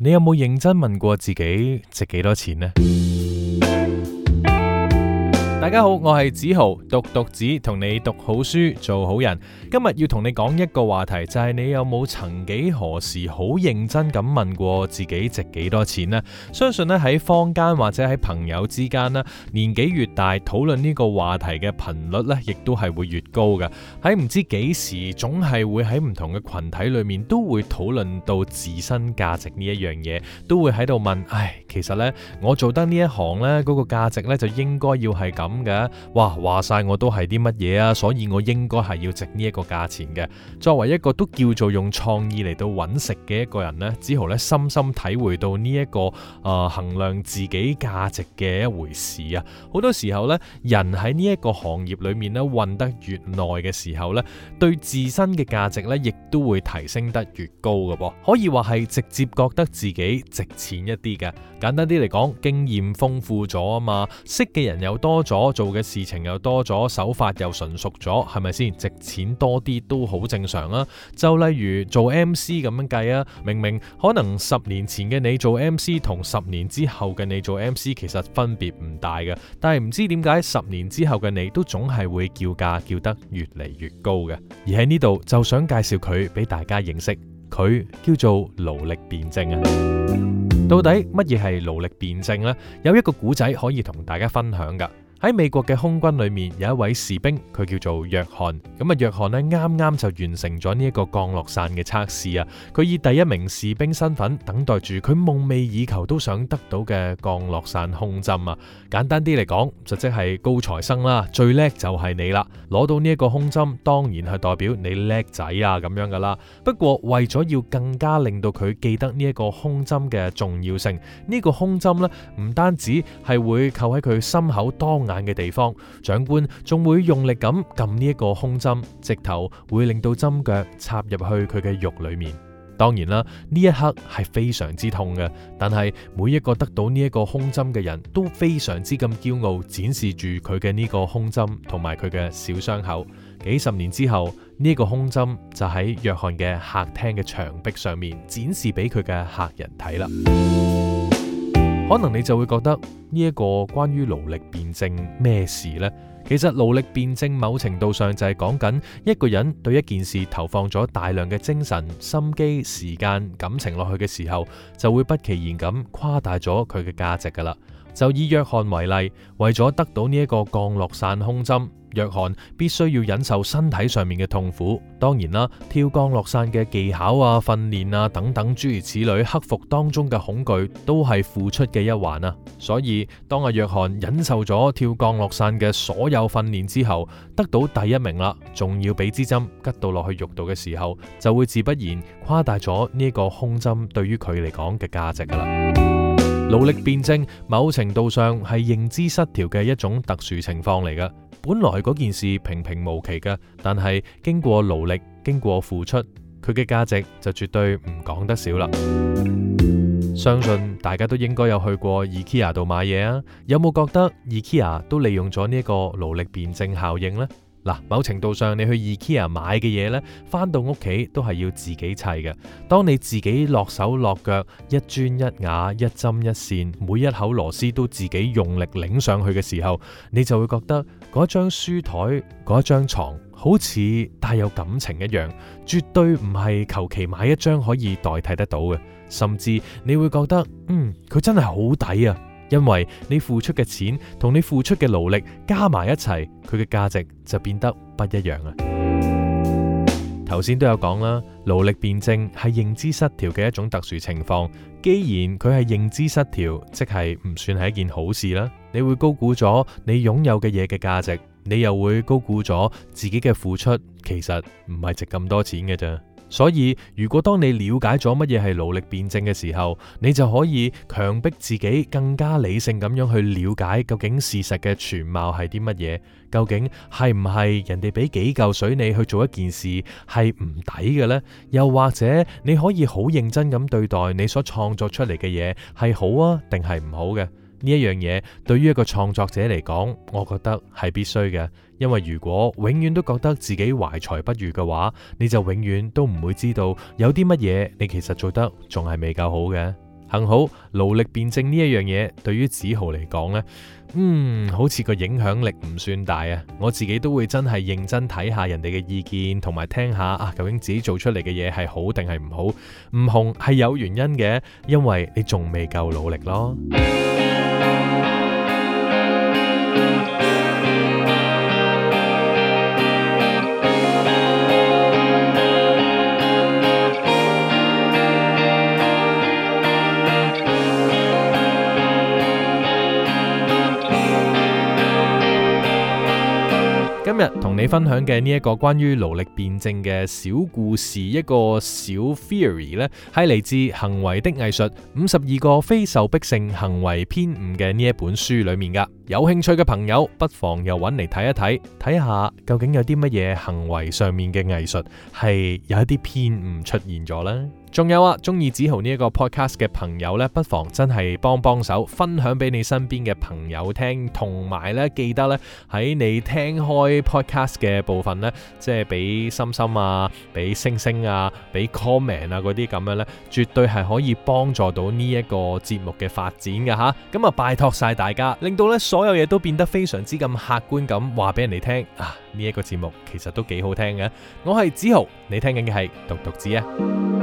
你有冇認真問過自己值幾多錢呢？大家好，我係梓豪，獨讀子同你讀好書做好人。今日要同你講一個話題，就係你有冇曾幾何時好認真咁問過自己值幾多錢呢？相信呢喺坊間或者喺朋友之間呢，年紀越大，討論呢個話題嘅頻率咧，亦都係會越高嘅。喺唔知幾時，總係會喺唔同嘅群體裏面都會討論到自身價值呢一樣嘢，都會喺度問：唉，其實呢，我做得呢一行呢，嗰個價值呢，就應該要係咁。嘅哇，話晒我都係啲乜嘢啊，所以我應該係要值呢一個價錢嘅。作為一個都叫做用創意嚟到揾食嘅一個人咧，梓豪咧深深體會到呢、這、一個啊、呃、衡量自己價值嘅一回事啊。好多時候咧，人喺呢一個行業裏面咧混得越耐嘅時候咧，對自身嘅價值咧亦都會提升得越高嘅噃。可以話係直接覺得自己值錢一啲嘅。簡單啲嚟講，經驗豐富咗啊嘛，識嘅人又多咗。做嘅事情又多咗，手法又純熟咗，係咪先值錢多啲都好正常啦，啊？就例如做 MC 咁樣計啊，明明可能十年前嘅你做 MC 同十年之後嘅你做 MC 其實分別唔大嘅，但係唔知點解十年之後嘅你都總係會叫價叫得越嚟越高嘅。而喺呢度就想介紹佢俾大家認識，佢叫做勞力辯證啊。到底乜嘢係勞力辯證呢？有一個古仔可以同大家分享噶。喺美國嘅空軍裏面有一位士兵，佢叫做約翰。咁啊，約翰咧啱啱，就完成咗呢一個降落傘嘅測試啊！佢以第一名士兵身份等待住佢夢寐以求都想得到嘅降落傘空針啊！簡單啲嚟講，就即係高材生啦，最叻就係你啦！攞到呢一個空針，當然係代表你叻仔啊咁樣噶啦。不過為咗要更加令到佢記得呢一個空針嘅重要性，呢個空針咧唔單止係會扣喺佢心口當。眼嘅地方，長官仲會用力咁撳呢一個胸針，直頭會令到針腳插入去佢嘅肉裏面。當然啦，呢一刻係非常之痛嘅，但係每一個得到呢一個胸針嘅人都非常之咁驕傲，展示住佢嘅呢個胸針同埋佢嘅小傷口。幾十年之後，呢、這個胸針就喺約翰嘅客廳嘅牆壁上面展示俾佢嘅客人睇啦。可能你就會覺得呢一個關於勞力辯證咩事呢？其實勞力辯證某程度上就係講緊一個人對一件事投放咗大量嘅精神、心機、時間、感情落去嘅時候，就會不其然咁誇大咗佢嘅價值噶啦。就以約翰為例，為咗得到呢一個降落傘空針，約翰必須要忍受身體上面嘅痛苦。當然啦，跳降落傘嘅技巧啊、訓練啊等等諸如此類，克服當中嘅恐懼都係付出嘅一環啊。所以當阿約翰忍受咗跳降落傘嘅所有訓練之後，得到第一名啦，仲要俾支針吉到落去肉度嘅時候，就會自不然誇大咗呢一個空針對於佢嚟講嘅價值㗎喇。勞力辯證，某程度上係認知失調嘅一種特殊情況嚟嘅。本來嗰件事平平無奇嘅，但係經過勞力，經過付出，佢嘅價值就絕對唔講得少啦。相信大家都應該有去過 IKEA 度買嘢啊，有冇覺得 IKEA 都利用咗呢一個勞力辯證效應呢？某程度上你去 IKEA 買嘅嘢呢，翻到屋企都係要自己砌嘅。當你自己落手落腳，一磚一瓦、一針一線，每一口螺絲都自己用力擰上去嘅時候，你就會覺得嗰張書台、嗰一張床，好似帶有感情一樣，絕對唔係求其買一張可以代替得到嘅。甚至你會覺得，嗯，佢真係好抵啊！因為你付出嘅錢同你付出嘅勞力加埋一齊，佢嘅價值就變得不一樣啦。頭先都有講啦，勞力辯證係認知失調嘅一種特殊情況。既然佢係認知失調，即係唔算係一件好事啦。你會高估咗你擁有嘅嘢嘅價值，你又會高估咗自己嘅付出，其實唔係值咁多錢嘅咋。所以，如果當你了解咗乜嘢係勞力辯證嘅時候，你就可以強迫自己更加理性咁樣去了解究竟事實嘅全貌係啲乜嘢，究竟係唔係人哋俾幾嚿水你去做一件事係唔抵嘅呢？又或者你可以好認真咁對待你所創作出嚟嘅嘢係好啊定係唔好嘅？呢一樣嘢對於一個創作者嚟講，我覺得係必須嘅。因為如果永遠都覺得自己懷才不遇嘅話，你就永遠都唔會知道有啲乜嘢你其實做得仲係未夠好嘅。幸好勞力辯證呢一樣嘢對於梓豪嚟講咧，嗯，好似個影響力唔算大啊。我自己都會真係認真睇下人哋嘅意見，同埋聽下啊，究竟自己做出嚟嘅嘢係好定係唔好？唔紅係有原因嘅，因為你仲未夠努力咯。今日同你分享嘅呢一個關於勞力辯證嘅小故事，一個小 theory 咧，係嚟自《行為的藝術》五十二個非受迫性行為偏誤嘅呢一本書裏面噶。有興趣嘅朋友，不妨又揾嚟睇一睇，睇下究竟有啲乜嘢行為上面嘅藝術係有一啲偏誤出現咗啦。仲有啊，中意梓豪呢一個 podcast 嘅朋友呢，不妨真係幫幫手，分享俾你身邊嘅朋友聽，同埋呢記得呢喺你聽開 podcast 嘅部分呢，即係俾心心啊，俾星星啊，俾 comment 啊嗰啲咁樣呢，絕對係可以幫助到呢一個節目嘅發展㗎吓。咁啊，拜託晒大家，令到呢，所有嘢都變得非常之咁客觀，咁話俾人哋聽啊！呢、這、一個節目其實都幾好聽嘅，我係梓豪，你聽緊嘅係《獨讀子》啊。